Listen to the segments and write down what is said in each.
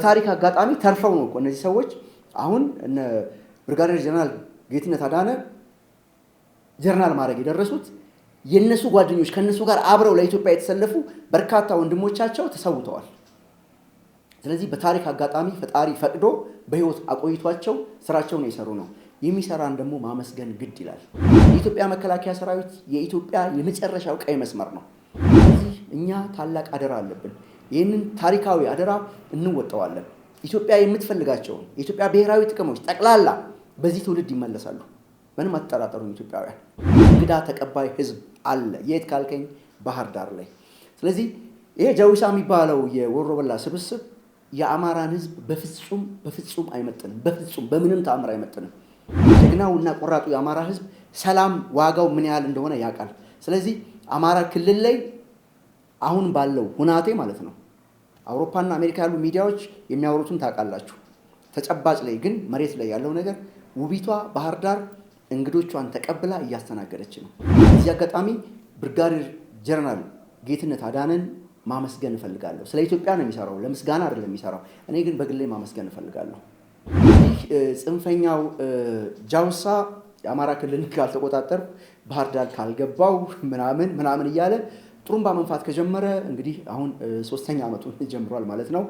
በታሪክ አጋጣሚ ተርፈው ነው እኮ እነዚህ ሰዎች አሁን እነ ብርጋዴር ጀነራል ጌትነት አዳነ ጀነራል ማድረግ የደረሱት የእነሱ ጓደኞች ከእነሱ ጋር አብረው ለኢትዮጵያ የተሰለፉ በርካታ ወንድሞቻቸው ተሰውተዋል። ስለዚህ በታሪክ አጋጣሚ ፈጣሪ ፈቅዶ በህይወት አቆይቷቸው ስራቸውን የሰሩ ነው። የሚሰራን ደግሞ ማመስገን ግድ ይላል። የኢትዮጵያ መከላከያ ሰራዊት የኢትዮጵያ የመጨረሻው ቀይ መስመር ነው። ስለዚህ እኛ ታላቅ አደራ አለብን። ይህንን ታሪካዊ አደራ እንወጣዋለን። ኢትዮጵያ የምትፈልጋቸውን የኢትዮጵያ ብሔራዊ ጥቅሞች ጠቅላላ በዚህ ትውልድ ይመለሳሉ። ምንም አትጠራጠሩም። ኢትዮጵያውያን እንግዳ ተቀባይ ህዝብ አለ። የት ካልከኝ ባህር ዳር ላይ። ስለዚህ ይሄ ጃዊሳ የሚባለው የወሮበላ ስብስብ የአማራን ህዝብ በፍጹም በፍጹም አይመጥንም። በፍጹም በምንም ተአምር አይመጥንም። ጀግናው እና ቆራጡ የአማራ ህዝብ ሰላም ዋጋው ምን ያህል እንደሆነ ያውቃል። ስለዚህ አማራ ክልል ላይ አሁን ባለው ሁናቴ ማለት ነው አውሮፓና አሜሪካ ያሉ ሚዲያዎች የሚያወሩትን ታውቃላችሁ። ተጨባጭ ላይ ግን መሬት ላይ ያለው ነገር ውቢቷ ባህር ዳር እንግዶቿን ተቀብላ እያስተናገደች ነው። እዚህ አጋጣሚ ብርጋዴር ጀነራል ጌትነት አዳነን ማመስገን እፈልጋለሁ። ስለ ኢትዮጵያ ነው የሚሰራው፣ ለምስጋና አይደለም የሚሰራው። እኔ ግን በግሌ ማመስገን እፈልጋለሁ። ይህ ጽንፈኛው ጃውሳ የአማራ ክልል ካልተቆጣጠር ባህር ዳር ካልገባው ምናምን ምናምን እያለ ጥሩምባ መንፋት ከጀመረ እንግዲህ አሁን ሶስተኛ አመቱ ጀምሯል ማለት ነው።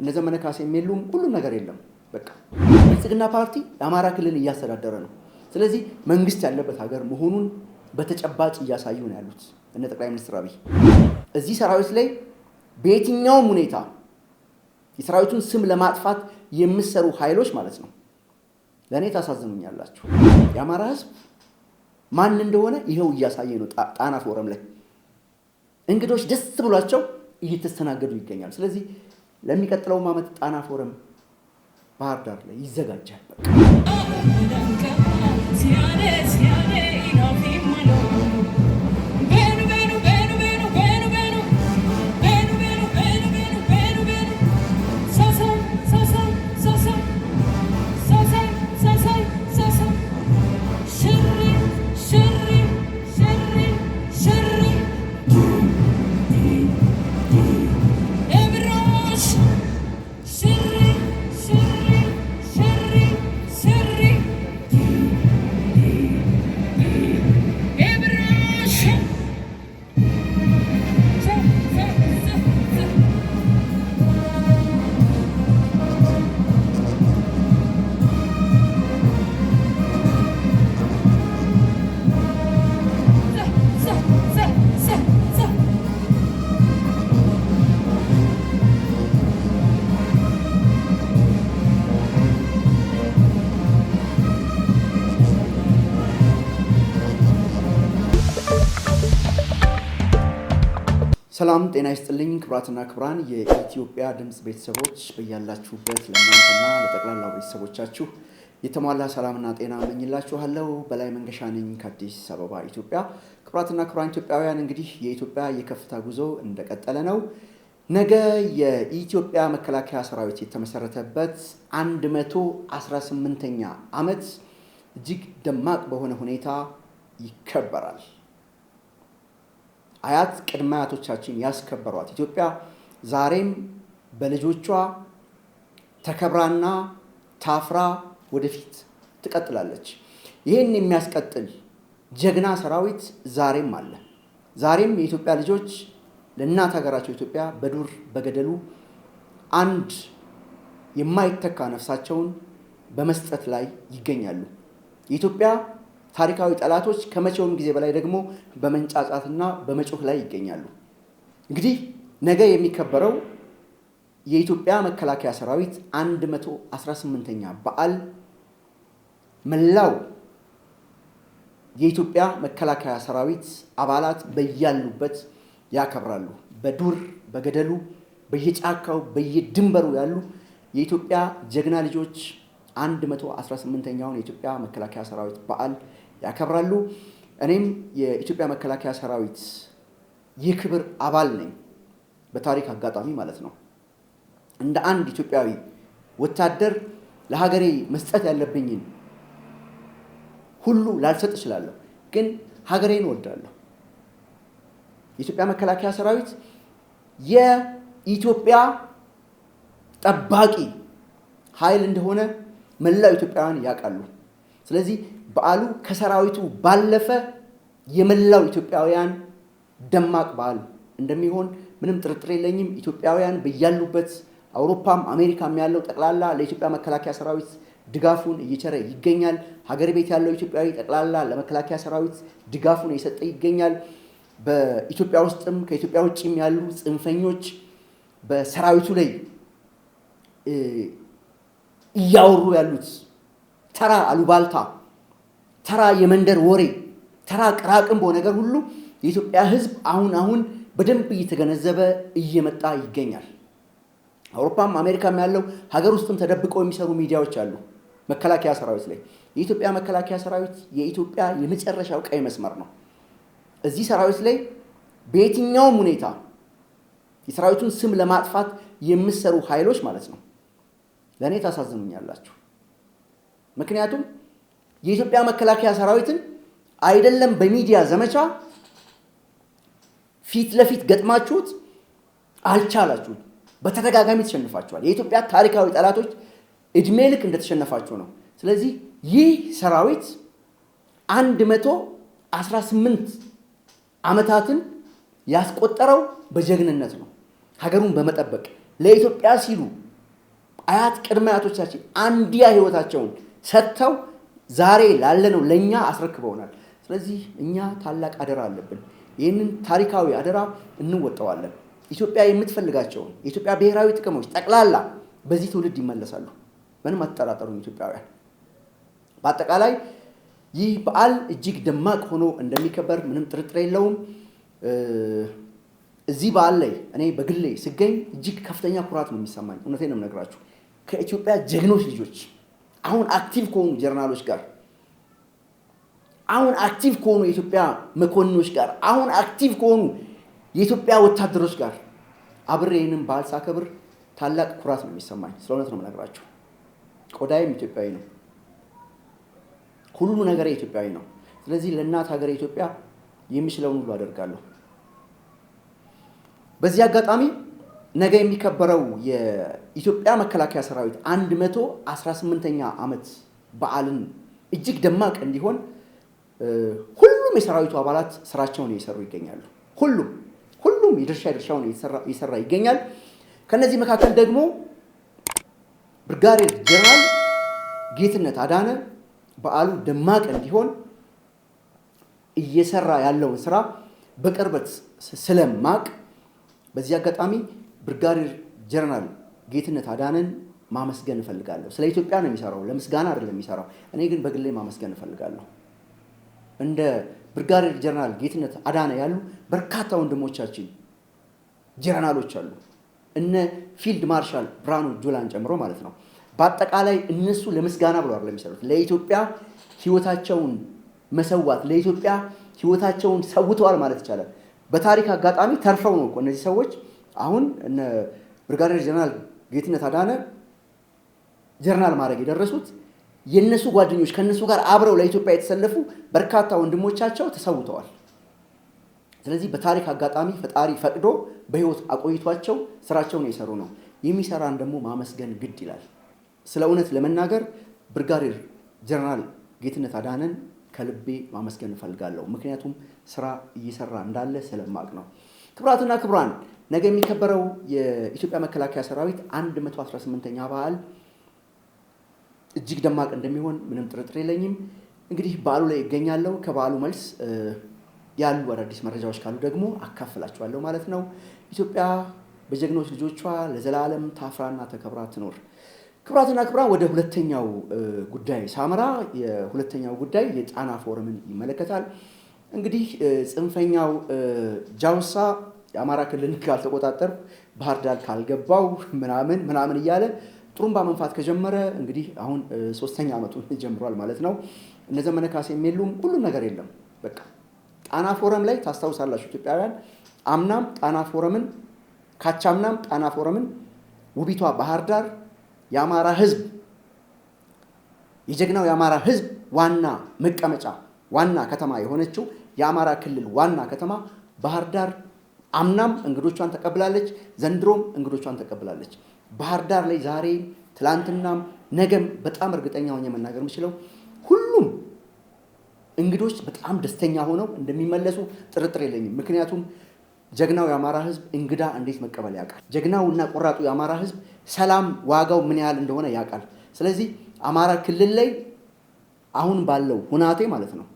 እነ ዘመነ ካሴም ሁሉም ነገር የለም። በቃ ብልጽግና ፓርቲ የአማራ ክልል እያስተዳደረ ነው። ስለዚህ መንግስት ያለበት ሀገር መሆኑን በተጨባጭ እያሳዩ ነው ያሉት እነ ጠቅላይ ሚኒስትር አብይ እዚህ ሰራዊት ላይ በየትኛውም ሁኔታ የሰራዊቱን ስም ለማጥፋት የምሰሩ ኃይሎች ማለት ነው ለእኔ ታሳዝኑኛላችሁ። የአማራ ህዝብ ማን እንደሆነ ይኸው እያሳየ ነው ጣና ፎረም ላይ እንግዶች ደስ ብሏቸው እየተስተናገዱ ይገኛሉ። ስለዚህ ለሚቀጥለውም ዓመት ጣና ፎረም ባህር ዳር ላይ ይዘጋጃል። ሰላም ጤና ይስጥልኝ ክብራትና ክብራን የኢትዮጵያ ድምፅ ቤተሰቦች በያላችሁበት ለእናንተና ለጠቅላላ ቤተሰቦቻችሁ የተሟላ ሰላምና ጤና እመኝላችኋለሁ። በላይ መንገሻ ነኝ ከአዲስ አበባ ኢትዮጵያ። ክብራትና ክብራን ኢትዮጵያውያን እንግዲህ የኢትዮጵያ የከፍታ ጉዞ እንደቀጠለ ነው። ነገ የኢትዮጵያ መከላከያ ሰራዊት የተመሰረተበት 118ኛ ዓመት እጅግ ደማቅ በሆነ ሁኔታ ይከበራል። አያት ቅድመ አያቶቻችን ያስከበሯት ኢትዮጵያ ዛሬም በልጆቿ ተከብራና ታፍራ ወደፊት ትቀጥላለች። ይህን የሚያስቀጥል ጀግና ሰራዊት ዛሬም አለ። ዛሬም የኢትዮጵያ ልጆች ለእናት ሀገራቸው ኢትዮጵያ በዱር በገደሉ አንድ የማይተካ ነፍሳቸውን በመስጠት ላይ ይገኛሉ። የኢትዮጵያ ታሪካዊ ጠላቶች ከመቼውም ጊዜ በላይ ደግሞ በመንጫጫትና በመጮህ ላይ ይገኛሉ። እንግዲህ ነገ የሚከበረው የኢትዮጵያ መከላከያ ሰራዊት 118ኛ በዓል መላው የኢትዮጵያ መከላከያ ሰራዊት አባላት በያሉበት ያከብራሉ። በዱር በገደሉ፣ በየጫካው፣ በየድንበሩ ያሉ የኢትዮጵያ ጀግና ልጆች 118ኛውን የኢትዮጵያ መከላከያ ሰራዊት በዓል ያከብራሉ። እኔም የኢትዮጵያ መከላከያ ሰራዊት የክብር አባል ነኝ፣ በታሪክ አጋጣሚ ማለት ነው። እንደ አንድ ኢትዮጵያዊ ወታደር ለሀገሬ መስጠት ያለብኝን ሁሉ ላልሰጥ እችላለሁ፣ ግን ሀገሬን እወዳለሁ። የኢትዮጵያ መከላከያ ሰራዊት የኢትዮጵያ ጠባቂ ኃይል እንደሆነ መላው ኢትዮጵያውያን ያውቃሉ። ስለዚህ በዓሉ ከሰራዊቱ ባለፈ የመላው ኢትዮጵያውያን ደማቅ በዓል እንደሚሆን ምንም ጥርጥር የለኝም። ኢትዮጵያውያን በያሉበት አውሮፓም አሜሪካም ያለው ጠቅላላ ለኢትዮጵያ መከላከያ ሰራዊት ድጋፉን እየቸረ ይገኛል። ሀገር ቤት ያለው ኢትዮጵያዊ ጠቅላላ ለመከላከያ ሰራዊት ድጋፉን እየሰጠ ይገኛል። በኢትዮጵያ ውስጥም ከኢትዮጵያ ውጭም ያሉ ጽንፈኞች በሰራዊቱ ላይ እያወሩ ያሉት ተራ አሉባልታ ተራ የመንደር ወሬ፣ ተራ ቅራቅንቦ ነገር ሁሉ የኢትዮጵያ ህዝብ አሁን አሁን በደንብ እየተገነዘበ እየመጣ ይገኛል። አውሮፓም አሜሪካም ያለው ሀገር ውስጥም ተደብቀው የሚሰሩ ሚዲያዎች አሉ። መከላከያ ሰራዊት ላይ የኢትዮጵያ መከላከያ ሰራዊት የኢትዮጵያ የመጨረሻው ቀይ መስመር ነው። እዚህ ሰራዊት ላይ በየትኛውም ሁኔታ የሰራዊቱን ስም ለማጥፋት የምሰሩ ኃይሎች ማለት ነው ለእኔ ታሳዝኑኛላችሁ። ምክንያቱም የኢትዮጵያ መከላከያ ሰራዊትን አይደለም በሚዲያ ዘመቻ ፊት ለፊት ገጥማችሁት አልቻላችሁት፣ በተደጋጋሚ ተሸንፋችኋል። የኢትዮጵያ ታሪካዊ ጠላቶች እድሜ ልክ እንደተሸነፋችሁ ነው። ስለዚህ ይህ ሰራዊት አንድ መቶ አስራ ስምንት ዓመታትን ያስቆጠረው በጀግንነት ነው። ሀገሩን በመጠበቅ ለኢትዮጵያ ሲሉ አያት ቅድመ አያቶቻችን አንድያ ህይወታቸውን ሰጥተው ዛሬ ላለነው ለእኛ አስረክበውናል። ስለዚህ እኛ ታላቅ አደራ አለብን። ይህንን ታሪካዊ አደራ እንወጣዋለን። ኢትዮጵያ የምትፈልጋቸውን የኢትዮጵያ ብሔራዊ ጥቅሞች ጠቅላላ በዚህ ትውልድ ይመለሳሉ። ምንም አትጠራጠሩም ኢትዮጵያውያን። በአጠቃላይ ይህ በዓል እጅግ ደማቅ ሆኖ እንደሚከበር ምንም ጥርጥር የለውም። እዚህ በዓል ላይ እኔ በግሌ ስገኝ እጅግ ከፍተኛ ኩራት ነው የሚሰማኝ። እውነቴን ነው የምነግራችሁ ከኢትዮጵያ ጀግኖች ልጆች አሁን አክቲቭ ከሆኑ ጀርናሎች ጋር አሁን አክቲቭ ከሆኑ የኢትዮጵያ መኮንኖች ጋር አሁን አክቲቭ ከሆኑ የኢትዮጵያ ወታደሮች ጋር አብሬ ይህንን ባህል ሳከብር ታላቅ ኩራት ነው የሚሰማኝ። ስለ እውነት ነው የምነግራቸው። ቆዳይም ኢትዮጵያዊ ነው። ሁሉ ነገር ኢትዮጵያዊ ነው። ስለዚህ ለእናት ሀገር ኢትዮጵያ የሚችለውን ሁሉ አደርጋለሁ። በዚህ አጋጣሚ ነገ የሚከበረው የኢትዮጵያ መከላከያ ሰራዊት 118ኛ ዓመት በዓልን እጅግ ደማቅ እንዲሆን ሁሉም የሰራዊቱ አባላት ስራቸውን እየሰሩ ይገኛሉ። ሁሉም ሁሉም የድርሻ ድርሻውን እየሰራ ይገኛል። ከነዚህ መካከል ደግሞ ብርጋዴር ጀነራል ጌትነት አዳነ በዓሉ ደማቅ እንዲሆን እየሰራ ያለውን ስራ በቅርበት ስለማቅ በዚህ አጋጣሚ ብርጋዴር ጀነራል ጌትነት አዳነን ማመስገን እፈልጋለሁ። ስለ ኢትዮጵያ ነው የሚሰራው፣ ለምስጋና አይደለም የሚሰራው። እኔ ግን በግሌ ማመስገን እፈልጋለሁ። እንደ ብርጋዴር ጀነራል ጌትነት አዳነ ያሉ በርካታ ወንድሞቻችን ጀነራሎች አሉ፣ እነ ፊልድ ማርሻል ብርሃኑ ጁላን ጨምሮ ማለት ነው። በአጠቃላይ እነሱ ለምስጋና ብለ አይደለም የሚሰሩት፣ ለኢትዮጵያ ህይወታቸውን መሰዋት፣ ለኢትዮጵያ ህይወታቸውን ሰውተዋል ማለት ይቻላል። በታሪክ አጋጣሚ ተርፈው ነው እነዚህ ሰዎች አሁን እነ ብርጋዴር ጀነራል ጌትነት አዳነ ጀነራል ማድረግ የደረሱት የነሱ ጓደኞች ከነሱ ጋር አብረው ለኢትዮጵያ የተሰለፉ በርካታ ወንድሞቻቸው ተሰውተዋል። ስለዚህ በታሪክ አጋጣሚ ፈጣሪ ፈቅዶ በህይወት አቆይቷቸው ስራቸውን የሰሩ ነው። የሚሰራን ደግሞ ማመስገን ግድ ይላል። ስለ እውነት ለመናገር ብርጋዴር ጀነራል ጌትነት አዳነን ከልቤ ማመስገን እፈልጋለሁ። ምክንያቱም ስራ እየሰራ እንዳለ ስለማቅ ነው። ክብራትና ክብራን ነገ የሚከበረው የኢትዮጵያ መከላከያ ሰራዊት 118ኛ በዓል እጅግ ደማቅ እንደሚሆን ምንም ጥርጥር የለኝም። እንግዲህ በዓሉ ላይ ይገኛለሁ። ከበዓሉ መልስ ያሉ አዳዲስ መረጃዎች ካሉ ደግሞ አካፍላችኋለሁ ማለት ነው። ኢትዮጵያ በጀግኖች ልጆቿ ለዘላለም ታፍራና ተከብራ ትኖር። ክብራትና ክብራ ወደ ሁለተኛው ጉዳይ ሳምራ። የሁለተኛው ጉዳይ የጣና ፎረምን ይመለከታል። እንግዲህ ጽንፈኛው ጃውሳ የአማራ ክልል ካልተቆጣጠር ባህር ዳር ካልገባው ምናምን ምናምን እያለ ጥሩምባ መንፋት ከጀመረ እንግዲህ አሁን ሶስተኛ ዓመቱን ጀምሯል ማለት ነው። እነ ዘመነ ካሴም የሉም፣ ሁሉም ነገር የለም። በቃ ጣና ፎረም ላይ ታስታውሳላችሁ ኢትዮጵያውያን፣ አምናም ጣና ፎረምን ካቻምናም ጣና ፎረምን ውቢቷ ባህር ዳር የአማራ ህዝብ የጀግናው የአማራ ህዝብ ዋና መቀመጫ ዋና ከተማ የሆነችው የአማራ ክልል ዋና ከተማ ባህር ዳር አምናም እንግዶቿን ተቀብላለች፣ ዘንድሮም እንግዶቿን ተቀብላለች። ባህር ዳር ላይ ዛሬ ትላንትናም ነገም በጣም እርግጠኛ ሆኜ መናገር የምችለው ሁሉም እንግዶች በጣም ደስተኛ ሆነው እንደሚመለሱ ጥርጥር የለኝም። ምክንያቱም ጀግናው የአማራ ሕዝብ እንግዳ እንዴት መቀበል ያውቃል። ጀግናው እና ቆራጡ የአማራ ሕዝብ ሰላም ዋጋው ምን ያህል እንደሆነ ያውቃል። ስለዚህ አማራ ክልል ላይ አሁን ባለው ሁናቴ ማለት ነው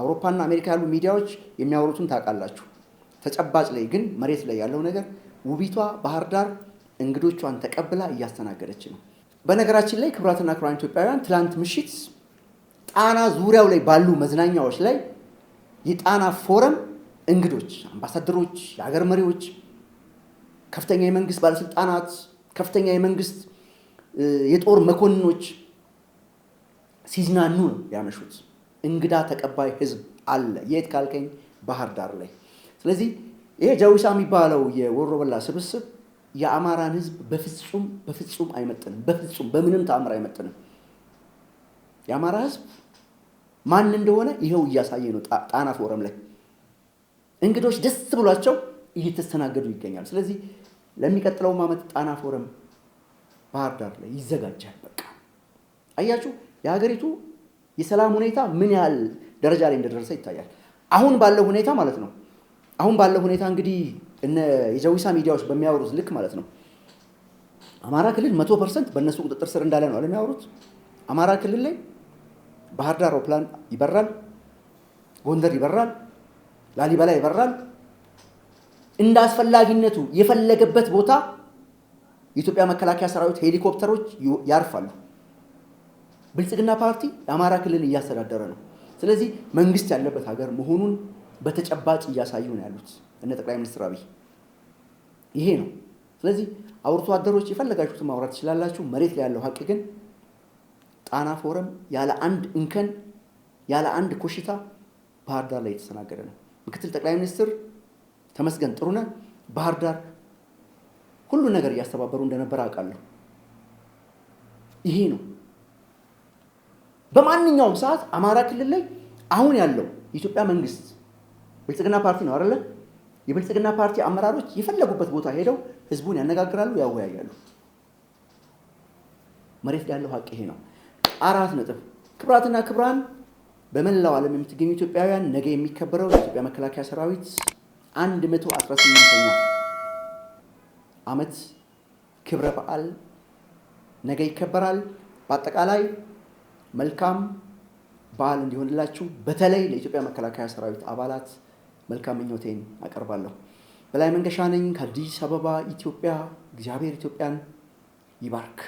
አውሮፓና አሜሪካ ያሉ ሚዲያዎች የሚያወሩትን ታውቃላችሁ። ተጨባጭ ላይ ግን መሬት ላይ ያለው ነገር ውቢቷ ባህር ዳር እንግዶቿን ተቀብላ እያስተናገደች ነው። በነገራችን ላይ ክብራትና ክብራን ኢትዮጵያውያን ትላንት ምሽት ጣና ዙሪያው ላይ ባሉ መዝናኛዎች ላይ የጣና ፎረም እንግዶች፣ አምባሳደሮች፣ የሀገር መሪዎች፣ ከፍተኛ የመንግስት ባለስልጣናት፣ ከፍተኛ የመንግስት የጦር መኮንኖች ሲዝናኑ ነው ያመሹት። እንግዳ ተቀባይ ህዝብ አለ። የት ካልከኝ ባህር ዳር ላይ ስለዚህ ይሄ ጀውሳ የሚባለው የወሮበላ ስብስብ የአማራን ህዝብ በፍጹም በፍጹም አይመጥንም። በፍጹም በምንም ተአምር አይመጥንም። የአማራ ህዝብ ማን እንደሆነ ይኸው እያሳየ ነው። ጣና ፎረም ላይ እንግዶች ደስ ብሏቸው እየተስተናገዱ ይገኛል። ስለዚህ ለሚቀጥለውም ዓመት ጣና ፎረም ባህር ዳር ላይ ይዘጋጃል። በቃ አያችሁ የሀገሪቱ የሰላም ሁኔታ ምን ያህል ደረጃ ላይ እንደደረሰ ይታያል። አሁን ባለው ሁኔታ ማለት ነው። አሁን ባለው ሁኔታ እንግዲህ እነ የጃዊሳ ሚዲያዎች በሚያወሩት ልክ ማለት ነው አማራ ክልል መቶ ፐርሰንት በእነሱ ቁጥጥር ስር እንዳለ ነው የሚያወሩት። አማራ ክልል ላይ ባህር ዳር አውሮፕላን ይበራል፣ ጎንደር ይበራል፣ ላሊበላ ይበራል። እንደ አስፈላጊነቱ የፈለገበት ቦታ የኢትዮጵያ መከላከያ ሰራዊት ሄሊኮፕተሮች ያርፋሉ። ብልጽግና ፓርቲ የአማራ ክልል እያስተዳደረ ነው። ስለዚህ መንግስት ያለበት ሀገር መሆኑን በተጨባጭ እያሳዩ ነው ያሉት እነ ጠቅላይ ሚኒስትር አብይ። ይሄ ነው። ስለዚህ አውርቶ አደሮች የፈለጋችሁትን ማውራት ትችላላችሁ። መሬት ላይ ያለው ሀቅ ግን ጣና ፎረም ያለ አንድ እንከን ያለ አንድ ኮሽታ ባህር ዳር ላይ የተስተናገደ ነው። ምክትል ጠቅላይ ሚኒስትር ተመስገን ጥሩነህ ባህር ዳር ሁሉን ነገር እያስተባበሩ እንደነበረ አውቃለሁ። ይሄ ነው። በማንኛውም ሰዓት አማራ ክልል ላይ አሁን ያለው የኢትዮጵያ መንግስት ብልጽግና ፓርቲ ነው አይደለ? የብልጽግና ፓርቲ አመራሮች የፈለጉበት ቦታ ሄደው ህዝቡን ያነጋግራሉ፣ ያወያያሉ። መሬት ያለው ሀቅ ይሄ ነው። አራት ነጥብ። ክብራትና ክብራን በመላው ዓለም የምትገኙ ኢትዮጵያውያን ነገ የሚከበረው የኢትዮጵያ መከላከያ ሰራዊት 118ኛ ዓመት ክብረ በዓል ነገ ይከበራል። በአጠቃላይ መልካም በዓል እንዲሆንላችሁ በተለይ ለኢትዮጵያ መከላከያ ሰራዊት አባላት መልካም ምኞቴን አቀርባለሁ። በላይ መንገሻ ነኝ ከአዲስ አበባ ኢትዮጵያ። እግዚአብሔር ኢትዮጵያን ይባርክ።